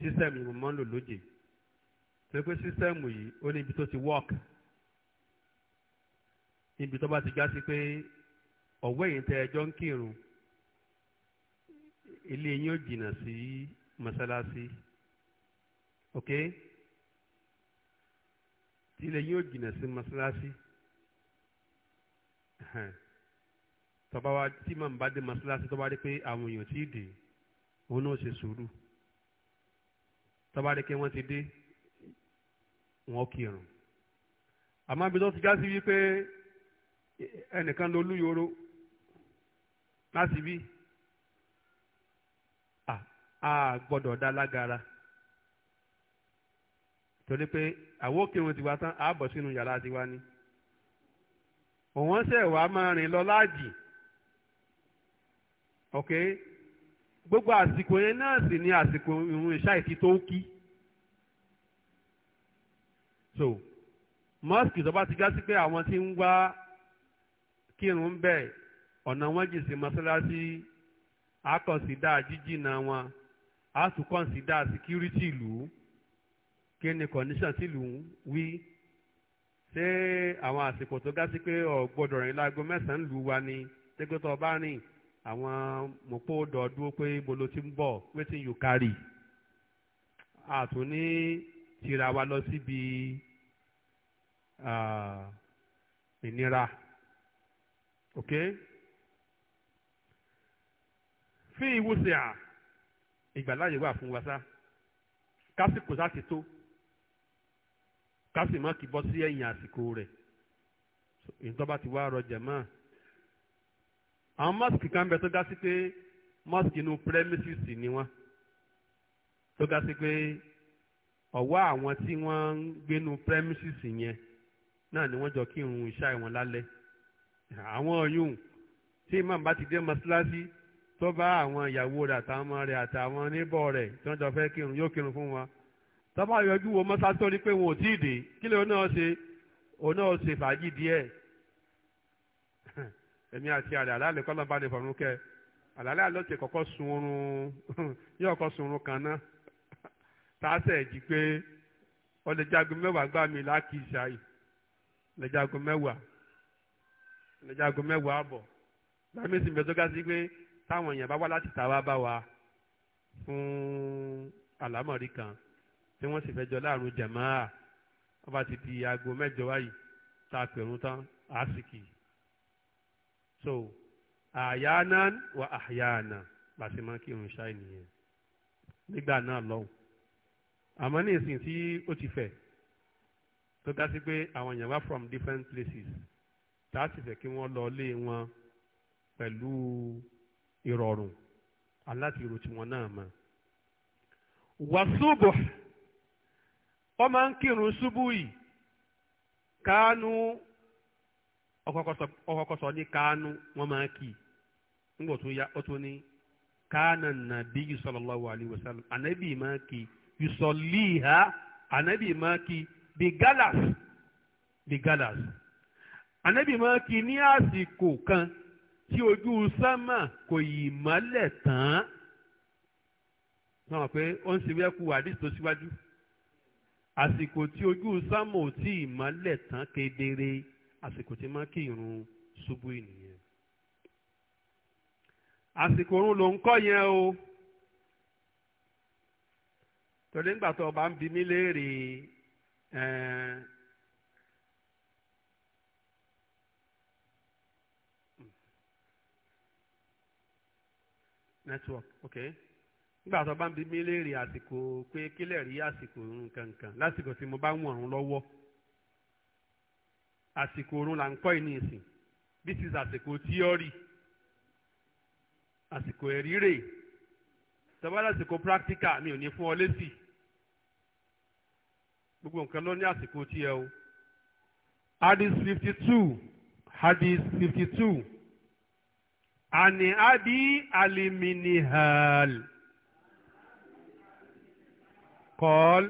sísẹ̀mù ni mo máa ń lò lóje torí pé sísẹ̀mù yìí ó ní ibi tó ti wọ́ọ̀kì níbi tó bá ti já sí pé ọ̀wẹ́ yìí tẹ ẹjọ́ ń kírun ilé yín ó jìnnà sí mọ́sálásí ok tí ilé yín ó jìnnà sí mọ́sálásí tọ́ba wa tí màmú bá dé mọ́sálásí tọ́ba rí pé àwọn èèyàn tí ì òun náà ṣe sùúrù tọ́ba rí i pé wọ́n ti dé wọ́n kírun àmọ́ ibi tó ti já sí wípé ẹnìkan ló lúyòrò láti bí a gbọ́dọ̀ dá lágara torí pé àwọn òkè wọn ti wá tán àbọ̀ sínú yàrá tiwa ni òun ṣẹ̀ wá máa rìn lọ láàjì ok gbogbo àsìkò yẹn náà sì ni àsìkò ìrun ìṣáìtì tó kí so mọ́sìkì tó bá ti já sí pé àwọn tí ń wá kírun ń bẹ̀ ọ̀nà wọn jì sí mọ́sálásí á kọ̀ǹsídà jíjìnà wọn á tún kọ̀ǹsídà síkírítì ìlú kí ni kọ̀ǹdíṣàn tìlú wí ṣé àwọn àsìkò tó já sí pé ọ̀ gbọ́dọ̀ rìn láago mẹ́sàn-án lù wá ni tẹ́gbẹ́tọ̀ bá rìn àwọn mọ̀pọ̀ dọ̀ọ́dúró pé bolo ti ń bọ̀ wetin you carry àtún ní tira wa lọ síbi ah, ìnira ok fi ìwúsẹ̀ à ìgbàláyè wà fún wa sá kásìkò sá ti tó kásìmọ́ kì bọ́ sí ẹ̀yìn àsìkò rẹ̀ ìtọ́ba ti wá rọjà máa àwọn mọ́sìkì kan bẹ tó dá sí pé mọ́sìkì inú premises ni wọ́n tó dá sí pé ọ̀wọ́ àwọn tí wọ́n ń gbénu premises yẹn náà ni wọ́n jọ kírun ìṣá ìwọ̀n lálẹ́ àwọn ọ̀yùn tí imam bá ti dé mọ́sálásí tó bá àwọn ìyàwó rẹ̀ àtàwọn ọmọ rẹ̀ àtàwọn níbọ̀ rẹ̀ tí wọ́n jọ fẹ́ kírun yóò kírun fún wọn tó yọjú wo mọ́sálásí tó rí pé wọn ò tí ì dé kí lóun náà ṣe òun náà ṣe fàájì díẹ̀ èmi àti àlẹ́ àlálẹ́ kọ́ lọ́ba ní ìfọ̀rún kẹ́ àlálẹ́ àlọ́tì kọ́kọ́ sun oorun yóò kọ́ sun oorun kan náà tààsẹ̀ jí pé ọlẹ́jagun mẹ́wàá gbá mi láàkì ìṣàyè ọlẹ́jagun mẹ́wàá ọlẹ́jagun mẹ́wàá àbọ̀ láàmì sì tó ga sí pé táwọn èèyàn bá wá láti tàwa bá wa fún àlámọ̀rí kan tí wọ́n sì fẹ́ jọ láàrún jàmáà wọ́n bá ti di aago mẹ́jọ wáyìí tá a pẹ̀rún tán àásìkì so àyánan wa àyáàna bàtí máa kírun ṣáì nìyẹn nígbà náà lọ́hùn àmọ́ ní ìsìn tí ó ti fẹ̀ tó dá sí pé àwọn èèyàn wá from different places tá a sì fẹ́ kí wọ́n lọ lé wọn pẹ̀lú ìrọ̀rùn aláti ro tiwọn náà mọ́ wàsúbọ̀ ọ máa ń kírun ṣubú yìí kánú ọkọ̀kọ̀ sọ ní kánú wọ́n máa kì í ńgbọ̀ tó ya ó tó ní kánà nàbí sallallahu alaihi wasallam ànábì máa kì í yusọ̀lìhà ànábì máa kì í bí galas bí galas ànábì máa kì í ní kan tí ojú sámà kò yí mọ́lẹ̀ tán náà pé ó ń ṣe wẹ́kú àdìs tó síwájú àsìkò tí ojú sámà ò tí ì mọ́lẹ̀ tán kedere. àsìkò tí máa kí irun ṣubú ènìyàn àsìkò òun ló ń kọ́ yẹn o torí ńgbà tó ọba ń bi mí léèrè network ok nígbà tó bá ń bi mí léèrè àsìkò pé kílẹ̀ rí àsìkò nǹkan kan lásìkò tí mo bá ń wọ̀n lọ́wọ́ àsìkò oorun là ń kọ́ ìní ìsìn this is àsìkò theory àsìkò ẹ̀rí rè tọ́wọ́ lásìkò practical mi ò ní fún ọ lésì gbogbo nǹkan ló ní àsìkò tiẹ̀ o. hadith fifty two hadith fifty two ani abi aliminihal kọ́l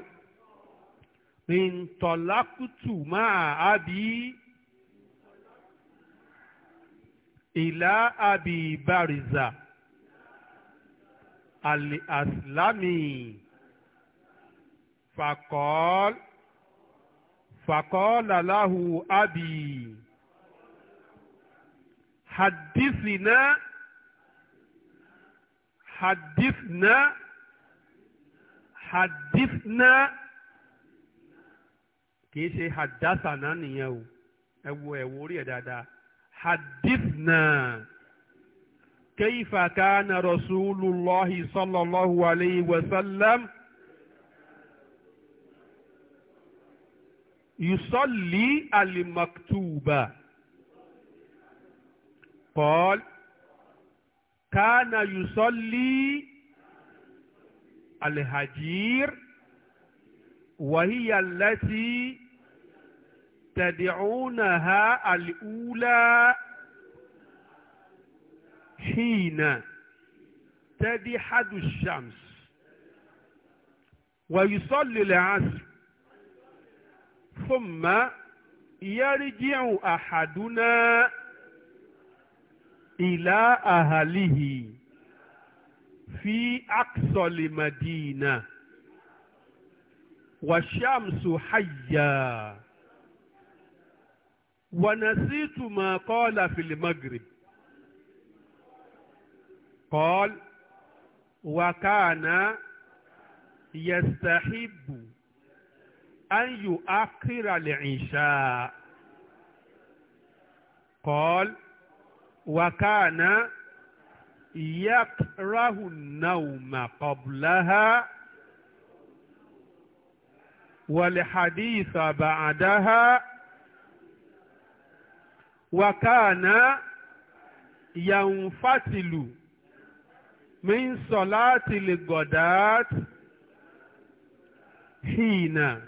ntọ́lákùtù máa abi. إلى أبي بارزة الأسلمي فقال فقال له أبي حدثنا حدثنا حدثنا kì í ṣe hadassana nìyẹn o ẹ wo ẹ wo orí ẹ dáadáa حدثنا كيف كان رسول الله صلى الله عليه وسلم يصلي المكتوبة قال كان يصلي الهجير وهي التي تدعونها الأولى حين تدحد الشمس ويصلي العصر ثم يرجع أحدنا إلى أهله في أقصى المدينة والشمس حيّا ونسيت ما قال في المغرب قال وكان يستحب أن يؤخر العشاء قال وكان يكره النوم قبلها والحديث بعدها wakana yanfatilu min solati ligodat hina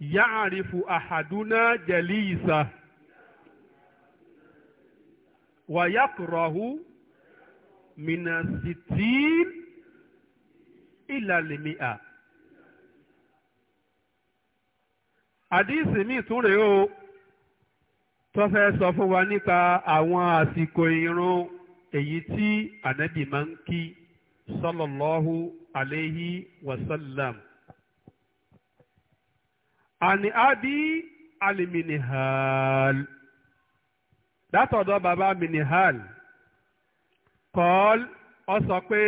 yaarifu ahaduna jalisa wa yakrahu mina sitin ila limia. àdìsí mi tún rèé o tó fẹ́ sọ fún wa nípa àwọn àsìkò ìrun èyí tí ànábì máa ń kí sallallahu alayhi wa sallam. àní ábí aliminihal látọ̀dọ̀ bàbá minihal kọ́ọ́l ọ sọ pé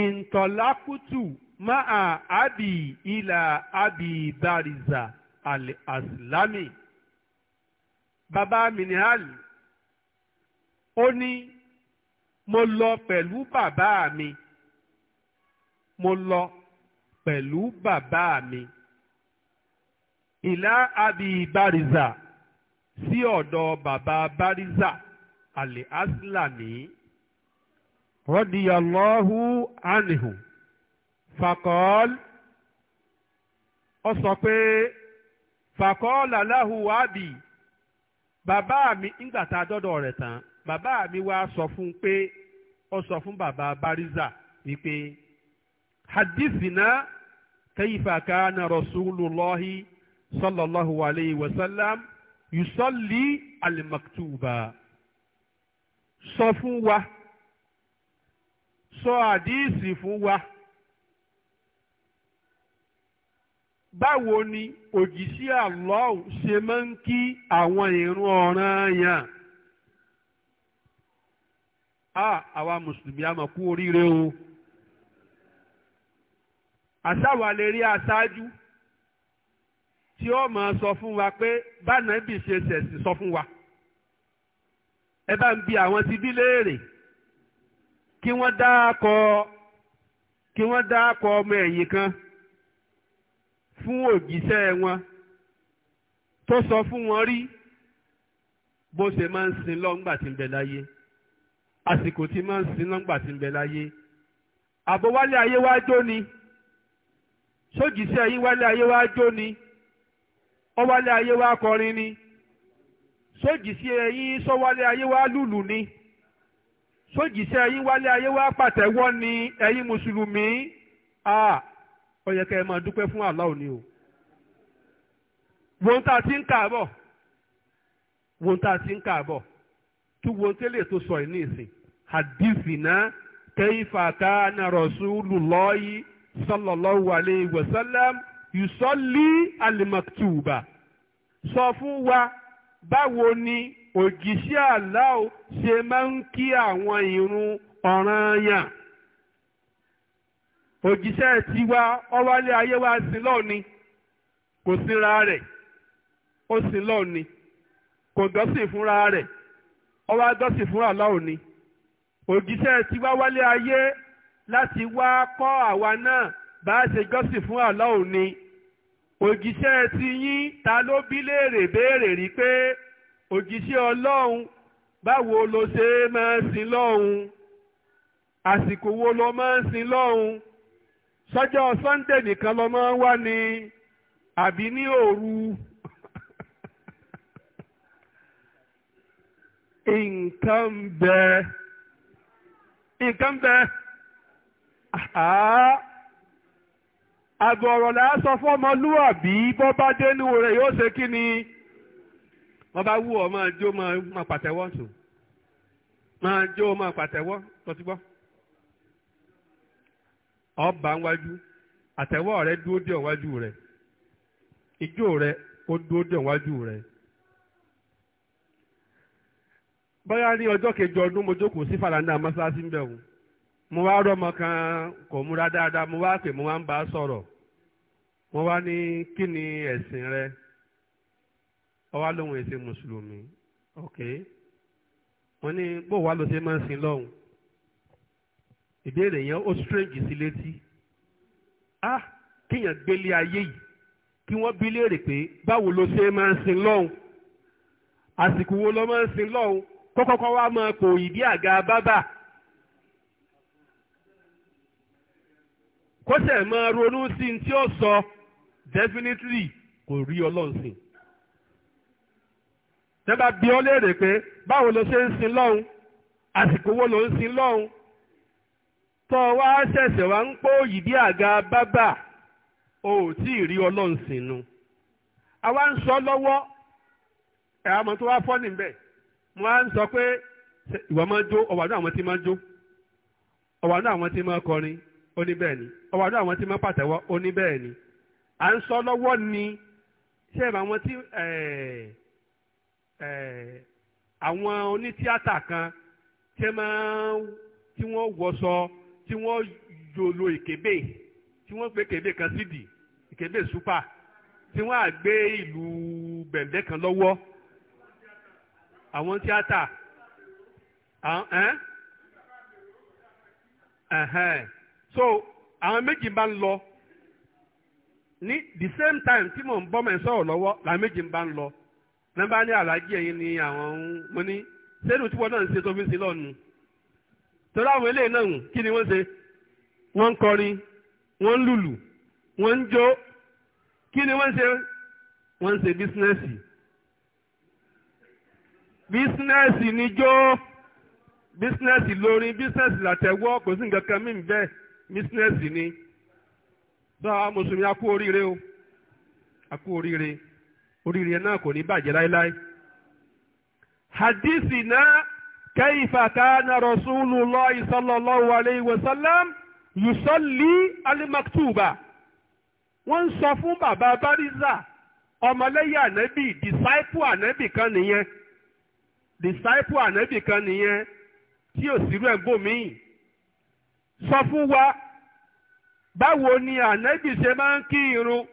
ìntọ́lákùtù máa àbí ilà àbí bàrìzà al-aslami bàbá minihal ó ní mo lọ pẹ̀lú bàbá mi mo lọ pẹ̀lú bàbá mi ìlà abi bariza sí ọ̀dọ̀ bàbá bariza àlè aslami rọ́díyàlọ́hù ánìhù fàkọ́ọ́l ó sọ pé fàkọ́ọ́l aláhùn bàbá mi ńgbà tá a dọ́dọ̀ rẹ̀ tán bàbá mi wá sọ fún un pé ó sọ fún bàbá bariza wípé hadithina kayfa kana rasulullahi sallallahu alayhi wa sallam yusalli alimaktuba sọ fún wa sọ àdìsí fún wa báwo ni òjìṣẹ́ Allah ṣe máa ń kí àwọn ìrun ọ̀ranyàn a àwa mùsùlùmí àmọ̀ kú oríire o àṣàwà lè rí aṣáájú tí ó máa sọ fún wa pé bánàbì ṣe ṣẹ̀sìn sọ fún wa ẹ bá ń bi àwọn ti bí léèrè kí wọ́n dáa kọ kí wọ́n dáa kọ ọmọ ẹ̀yìn kan. fún òjíṣẹ́ wọn tó sọ fún wọn rí bó ṣe máa ń sin lọ́ngbà tí ń bẹ láyé àsìkò tí máa ń sin lọ́ngbà tí ń bẹ láyé àbọ̀wálé ayé wá jó ni sójíṣẹ́ yín wálé ayé wá jó ni ọwálé ayé wá kọrin ni sójíṣẹ́ yín sọ́wálé ayé wá lùlù ni sójíṣẹ́ yín wálé ayé wá pàtẹ́wọ́ ni ẹ̀yin mùsùlùmí ó yẹ ẹ máa dúpẹ́ fún Allah ni o wọ́n tá a ti ń kààbọ̀ wọ́n tá a ti ń kààbọ̀ tí wọ́n tẹ́lẹ̀ tó sọ ní ìsìn hadithina kayfa kana rasulullahi sallallahu alayhi wa sallam yusalli al-maktuba sọ fún wa báwo ni òjíṣẹ́ Allah ṣe máa ń kí àwọn ìrun ọ̀ranyàn òjíṣẹ́ ti wá ọwálé ayé wá sí lọ́ọ̀ni kò síra rẹ̀ ó sí lọ́ọ̀ni kò dọ́sìn fúnra rẹ̀ ọwá dọ́sìn fúnra lọ́ọ̀ni òjíṣẹ́ ti wá wálé ayé láti wá kọ́ àwa náà bá a ṣe jọ́sìn fún àlọ́ òjíṣẹ́ ti yín ta ló bí léèrè béèrè rí pé òjíṣẹ́ ọlọ́run báwo ló ṣe máa ń sin lọ́hùn àsìkò wo ló máa ń sin lọ́hùn sọ́jọ́ sunday nìkan lọ́mọ wá ní àbí ní òru nǹkan bẹ nǹkan bẹ àgọ̀ ọ̀rọ̀ là sọ fún ọmọlúwàbí bọ́ bá dé níwò rẹ̀ yóò ṣe kí ni wọ́n bá wú ọ máa jó máa pàtẹ́wọ́ sùn máa jó máa pàtẹ́wọ́ tó ti gbọ́. ọba nwaju àtẹ́wọ́ rẹ dúró dé ọ̀wájú rẹ ìjó rẹ ó dúró dé rẹ. bóyá ní ọjọ́ kejì ọdún mo jókòó sí faranda mọ́ṣáláṣí ń mo wá kan kò múra dáadáa mo wá pè mo wá ń bá a sọ̀rọ̀ mo wá ní kí ni ẹ̀sìn rẹ ó mùsùlùmí ok wọ́n ní bó máa ìbéèrè yẹn ó strange sí létí ah kíyàn gbélé ayé yìí kí wọ́n bí léèrè pé báwo ló ṣe máa ń sin lọ́hùn àsìkò wo ló máa ń sin lọ́hùn kọ́kọ́kọ́ wá máa kò ìdí àga bábà kó máa ronú sí ní tí ó sọ definitely kò rí ọlọ́run sìn tẹ́ bá bí ọ léèrè pé báwo ló ṣe ń sin lọ́hùn àsìkò wo ló ń sin lọ́hùn tọ́ wá ṣẹ̀ṣẹ̀ wá ń pọ́ yìí àga bábà o ò tí ì rí ọlọ́run wa àwa ń sọ lọ́wọ́ ẹ̀ àmọ́ tó wá fọ́ níbẹ̀ mo á ń sọ pé ìwà máa ń jó ọ̀wà náà àwọn máa ń jó ọ̀wà náà àwọn ti máa ń kọrin ó ní bẹ́ẹ̀ ni ọ̀wà náà àwọn ni à ń sọ lọ́wọ́ ni ṣé àwọn tí àwọn kan tí So, tí wọ́n yòlò ìkébè tí wọ́n gbé kébè kan sídìí ìkébè súpà tí wọ́n á ìlú bẹ̀ǹdẹ́ kan lọ́wọ́ àwọn tíátà so àwọn méjì bá ń lọ ní the same time tí mò ń bọ́ mẹ́ sọ̀rọ̀ lọ́wọ́ làwọn méjì bá ń lọ nọ́mbà ní alájí ẹ̀yìn ni àwọn ń mo ní sẹ́nu tí wọ́n náà ń ṣe tó fi ń ṣe lọ́nu torí àwọn eléyìí náà kí ni wọ́n ṣe wọ́n ń kọrin wọ́n ń lùlù wọ́n ń jó kí ni wọ́n ṣe wọ́n ń ṣe bísínẹ́sì bísínẹ́sì ni jó bísínẹ́sì lórin bísínẹ́sì làtẹ̀wọ́ kò sí nǹkan kan mí ni sọ mùsùlùmí akú oríire o akú oríire oríire náà kò ní bàjẹ́ láéláé hadithi kayfa kana rasulullahi sallallahu alayhi wa sallam yusalli alimaktuba wọ́n ń sọ fún bàbá bariza ọmọlẹ́yìn ànábì disciple ànábì kan nìyẹn disciple ànábì kan nìyẹn tí ò sí rẹ̀ gbòmíì sọ fún wa báwo ni ànábì ṣe máa ń kí irun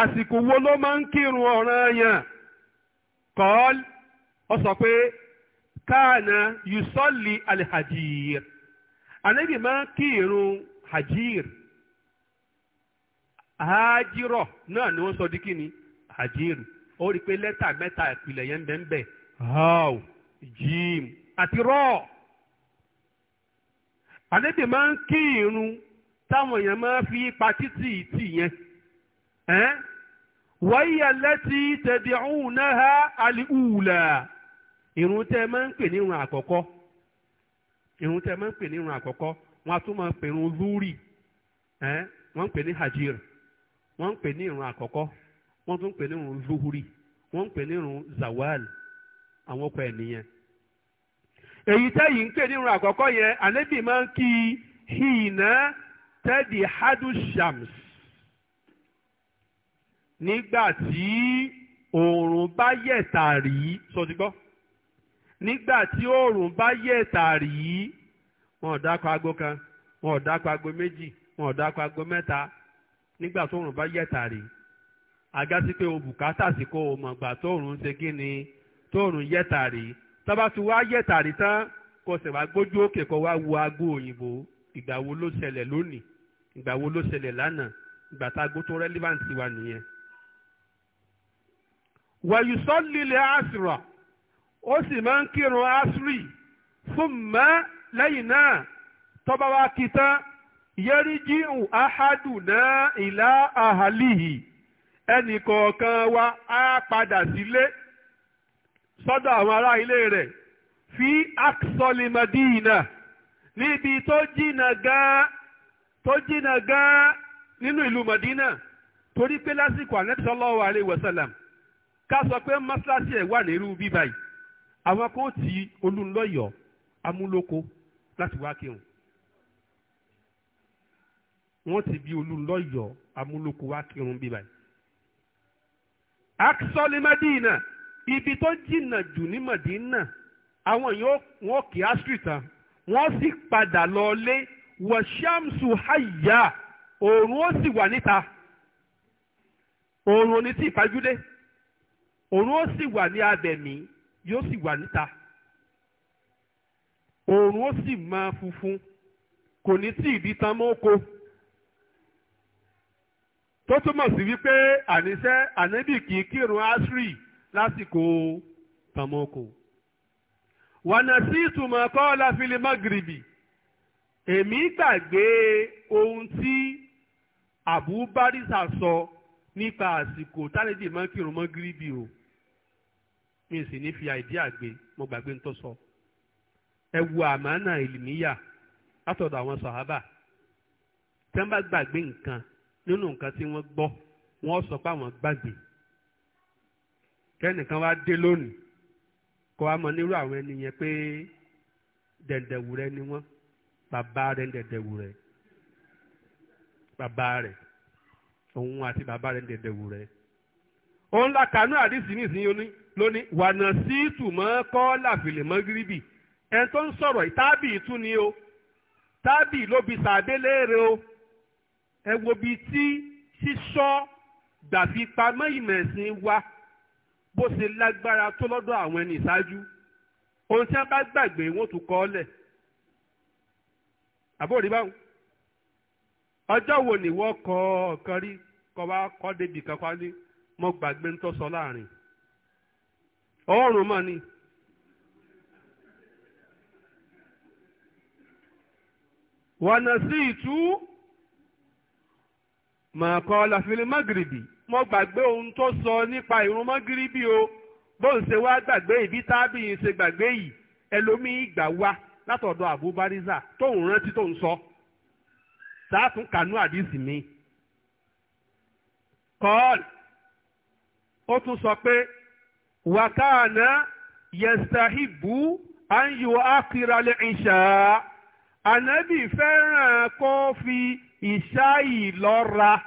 àsìkò wo ló máa ń kírun ọ̀ranyàn kọ́ọ́l ọ sọ pé káàna yusọ́lì alhajir ànábì máa ń kí irun hajir hajirọ náà ni wọ́n sọ di kíni hajir ó rí i pé lẹ́tà mẹ́ta ìpìlẹ̀ yẹn ń bẹ ń bẹ haw jim àti rọ́ọ̀ ànábì máa ń táwọn èèyàn máa fi pa títì tì yẹn wáyé lẹ́tì tẹ̀dí ọ̀hún náà alìhùlà. irun tẹ́ máa ń pè ní irun àkọ́kọ́ irun tẹ́ máa ń pè ní irun àkọ́kọ́ wọ́n tún máa pè irun wọ́n ń pè ní hajir wọ́n ń pè ní irun àkọ́kọ́ wọ́n tún ń pè ní irun wọ́n ń pè ní irun zawal àwọn ọkọ̀ ẹ̀nìyẹn. èyí tẹ́yìn ń pè ní irun àkọ́kọ́ yẹn máa ń kí hìnà nígbà tí oòrùn bá nígbà tí oòrùn bá yẹ̀ tààrí yìí wọn ò dákọ̀ aago kan wọn ò dákọ̀ aago méjì wọn ò dákọ̀ aago mẹ́ta nígbà tóòrùn bá yẹ̀ tààrí àgásí pé o bùkátà sí kó o mọ̀ gbà tóòrùn ṣe kí ni tóòrùn yẹ̀ tààrí tó bá ti yẹ̀ tààrí tán kó ṣe wá gbójú òkè kó wá wo aago òyìnbó ìgbà wo ló ṣẹlẹ̀ lónìí ìgbà wo ló ṣẹlẹ̀ lánàá ìgbà tá aago tó relevant wa nìyẹn. wàyùsọ́ líle ó sì máa ń kírun asri fún mọ́ lẹ́yìn náà tọ́ba wa kí tán yẹ́rìjì ahadu náà ìlà ahàlìhì ẹnì kọ̀ọ̀kan wa á padà sílé sọ́dọ̀ àwọn ará ilé rẹ̀ fi aksọ́lì madina níbi tó jìnnà gan tó jìnnà gan nínú ìlú madina torí pé lásìkò ànẹ́tì sallallahu alaihi wasallam ká sọ pé mọ́ṣáláṣí ẹ̀ wà nírú bíbáyìí àwọn kan ti olùlọ́yọ̀ amúlòkó láti wá kírun wọ́n ti bí olùlọ́yọ̀ amúlòkó wá kírun bí báyìí. aksọ́lé madina ibi tó jìnnà jù ní madina àwọn yóò wọ́n kí astrid tán wọ́n sì padà lọ lé wọ̀ṣámsù hayà òòrùn ó sì wà níta òòrùn ò ní tí ì òòrùn ó sì wà ní abẹ̀mí yóò sì wà níta oòrùn ó sì máa funfun kò ní tí ìdí tán mọ́ oko tó túmọ̀ sí wípé àníṣe ànábì kì í kírun asri lásìkò tán mọ́ oko wànà sí ìtumọ̀ kọ́ láfilẹ̀ magribi èmi gbàgbé ohun tí àbúbárísà sọ nípa àsìkò tálẹ́dì máa kírun mọ́ gíríbì o mi sì ní fi àìdí àgbè mo gbàgbé ń tó sọ ẹ wo àmánà ìlìmíyà látọ̀dọ̀ àwọn sàhábà tí wọ́n bá gbàgbé nǹkan nínú nǹkan tí wọ́n gbọ́ wọ́n sọ pé àwọn gbàgbé kẹ́nìkan wá dé lónìí kọ́ wa mọ nírú àwọn ẹni yẹn pé dẹ̀ndẹ̀wùrẹ́ ni wọ́n bàbá rẹ̀ ń dẹ̀ndẹ̀wùrẹ́ bàbá rẹ̀ òun àti bàbá rẹ̀ ń dẹ̀ndẹ̀wùrẹ́ òun la kànú àdìsí nìsín yóní lóní wànà sí tùmọ̀ kọ́ làfìlẹ̀ mọ́gíríbì ẹni tó ń sọ̀rọ̀ tábì tún ni o tábì ló bi sàbẹ̀lẹ̀rẹ̀ o ẹ wo bi tí sísọ gbàfipamọ́ ìmẹ̀sìn wa bó ṣe lágbára tó lọ́dọ̀ àwọn ẹni ìṣáájú ohun tí wọ́n bá gbàgbé wọn tún kọ́ lẹ̀ àbórí báwọn ọjọ́ wo ni wọ́n kọ́ ọ̀kan rí kọ́ wa kọ́ débi kankan ní mo gbàgbé ń tọ́ sọ láàrin ọ̀rùn mọ́ ni. wọ̀nà sí ìtú màá kọ́ làfihàn magrebi mo gbàgbé ohun tó sọ nípa ìrun magrebi o bóun ṣe wá gbàgbé ìbí tábìyìn ṣe gbàgbé yìí ẹlòmíín gbà wá látọ̀dọ̀ àbúbáríza tóun rántí tóun sọ sáàtún kànú àdìsí mi. kọ́ọ̀lù ó tún sọ pé wakana yastahibu an yu akira le isha anabi fẹ́ràn kó fi isha yìí lọ́ra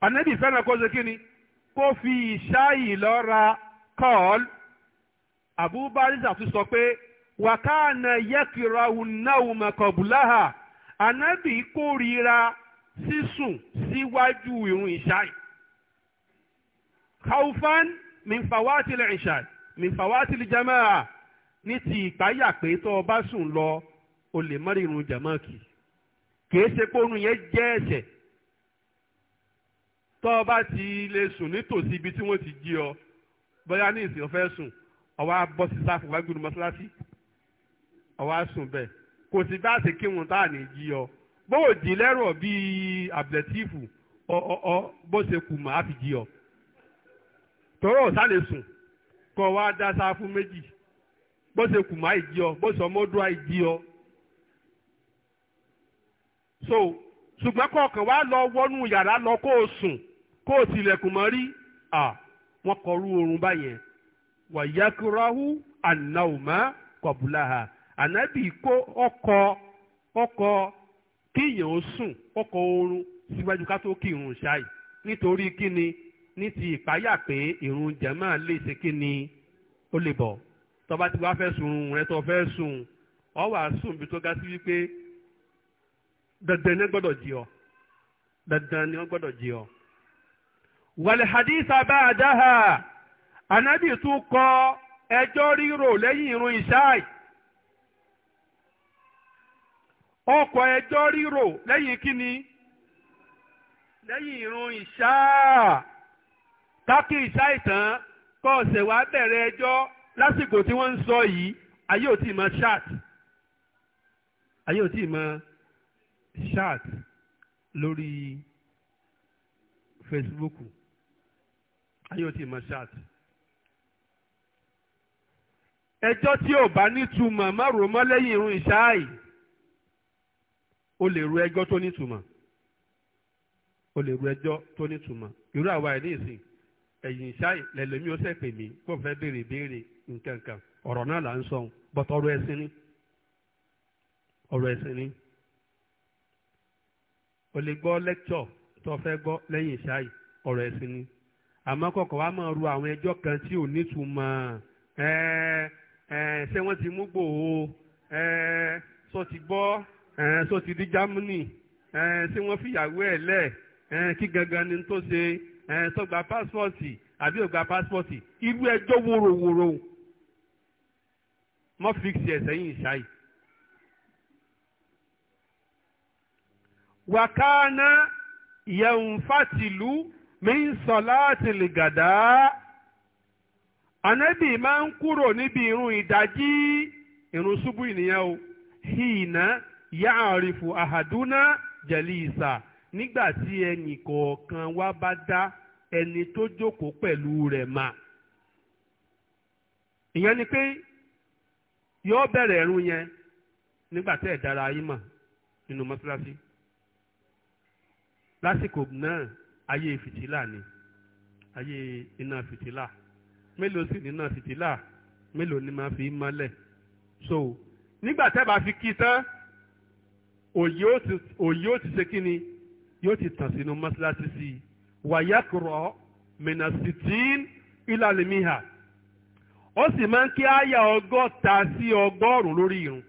anabi fẹ́ràn kó ṣe kíni kó fi isha yìí lọ́ra kọ́ọ̀l abubakar tún sọ pé wakana yakira unawu makabulaha anabi kórìíra sísùn síwájú irun isha yìí kaufan min fawati al-isha min fawati al-jamaa ní ti ìpáyà pé tó o bá sùn lọ o lè mọ́ ìrun jamaa kì kìí ṣe pé oorun yẹn jẹ́ ẹ̀ṣẹ̀ tó o bá ti lè sùn nítòsí ibi tí wọ́n ti jí ọ bóyá ní ìsìn ọ̀fẹ́ sùn ọwọ́ abọ́ sí sáfù wá gbúdú mọ́ṣáláṣí ọwọ́ àsùn bẹ́ẹ̀ kò sí bá ṣe kírun tá à ní jí ọ bó o jí lẹ́rọ̀ bíi àbẹ̀tífù ọ ọ ọ bó ṣe kù á fi jí ọ. tọ́rọ̀ sálẹ̀ sùn kọ́ wa dá sáfù méjì bó ṣe kùmá ọ bó ọmọdúnrà ìjì ọ. so ṣùgbọ́n kọ̀ọ̀kan wa lọ wọnú yàrá lọ kó o sùn kó o tilẹ̀kùn mọ́ rí à wọ́n kọrú oorun báyẹn wàyákúráhù ànáwùmá kọ̀bùláhà ànábì kó kíyàn oorun síwájú ká tó kírun ṣáì nítorí kíni ní ti ìpáyà pé ìrun jẹ̀mọ́ lè ṣe kí ni ó lè bọ̀ tó bá ti fẹ́ rẹ tó fẹ́ sùn ọ wà sùn bí tó ga sí wípé dandan ni gbọ́dọ̀ jí ọ dandan ni wọ́n gbọ́dọ̀ jí ọ. wàlẹ̀ bá a anabi tún kọ ẹjọ́ rírò lẹ́yìn irun ìṣáì ọkọ̀ ẹjọ́ rírò lẹ́yìn kíni lẹ́yìn irun ìṣáà. kákì ìṣàìtàn kọ́ ọ̀sẹ̀ wàá bẹ̀rẹ̀ ẹjọ́ lásìkò tí wọ́n ń sọ yìí ayé ò tí ì mọ ṣáàt ayé ò tí ì mọ ṣáàt lórí Facebook ayé ò tí ì mọ ṣáàt ẹjọ́ tí ò bá nítumọ̀ má rò mọ́ lẹ́yìn irun ìṣáàì o lè ru ẹjọ́ tó nítumọ̀ o lè ru ẹjọ́ tó nítumọ̀ irú àwa ẹ̀ ní ìsìn ẹ̀yìn ṣáì lẹ́lẹ́mí ó sẹ̀pẹ̀ mí kó fẹ́ béèrè béèrè nǹkan kan ọ̀rọ̀ náà là ń sọ bọ́t ọ̀rọ̀ ẹ̀sìn ni ọ̀rọ̀ ẹ̀sìn ni o lè gbọ́ lẹ́kítọ̀ tó fẹ́ gbọ́ lẹ́yìn ṣáì ọ̀rọ̀ ẹ̀sìn ni àmọ́ kọ̀ọ̀kan wa máa ru àwọn ẹjọ́ kan tí ò nítumọ̀ ẹ́ẹ́ ẹ́ẹ́ ṣé wọ́n ti mú gbòòó ẹ́ẹ́ sọ ti gbọ́ ẹ́ẹ́ sọ ti di Jámánì ẹ́ẹ́ ṣé wọ́n fìyàwó ẹ̀ lẹ̀ ẹ́ẹ́ kí gangan ni tó ṣe ẹ̀ gba paspọtụ àbí ò gba pásítọ̀tì irú ẹjọ wòròwòrò Mọ fíksì ẹ̀ sẹ́yìn ṣáì. wàkánà fatilu, mi ń sọ láti lè gàdá ànábì máa ń kúrò níbi irun ìdájí irun ṣubú ìnìyàn o hìnà ya'rifu ahaduna jẹ̀lì ìsà. nígbà tí ẹnì kọ̀ọ̀kan wa bá dá ẹni tó jókòó pẹ̀lú rẹ̀ mà ìyẹn ni pé yóò bẹ̀rẹ̀ ẹ̀rù yẹn nígbà tẹ́ ẹ̀ dára yín mọ̀ nínú mọ́ṣáláṣí lásìkò náà ayé fìtílà ni ayé iná fìtílà mélòó sì níná fìtílà mélòó ni máa fi mọ́lẹ̀ so nígbà tẹ́ bá fi kí tán òye ó ti ṣe kí ni yóò ti tàn sínú mọ́ṣáláṣí sí i wàyàkùrọ̀ mìnàsìtín ìlàlímìhà ó sì máa ń kí àyà ọgọ́ta sí ọgọ́rùn-ún lórí irun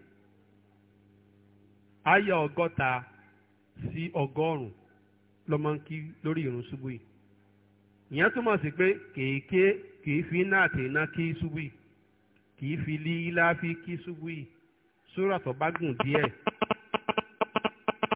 àyà ọgọ́ta sí ọgọ́rùn-ún ló máa ń lórí irun ṣubú yìí ìyẹn túmọ̀ sí pé kìí fi iná àti iná kí ṣubú yìí kìí fi lílá fi kí ṣubú yìí sórà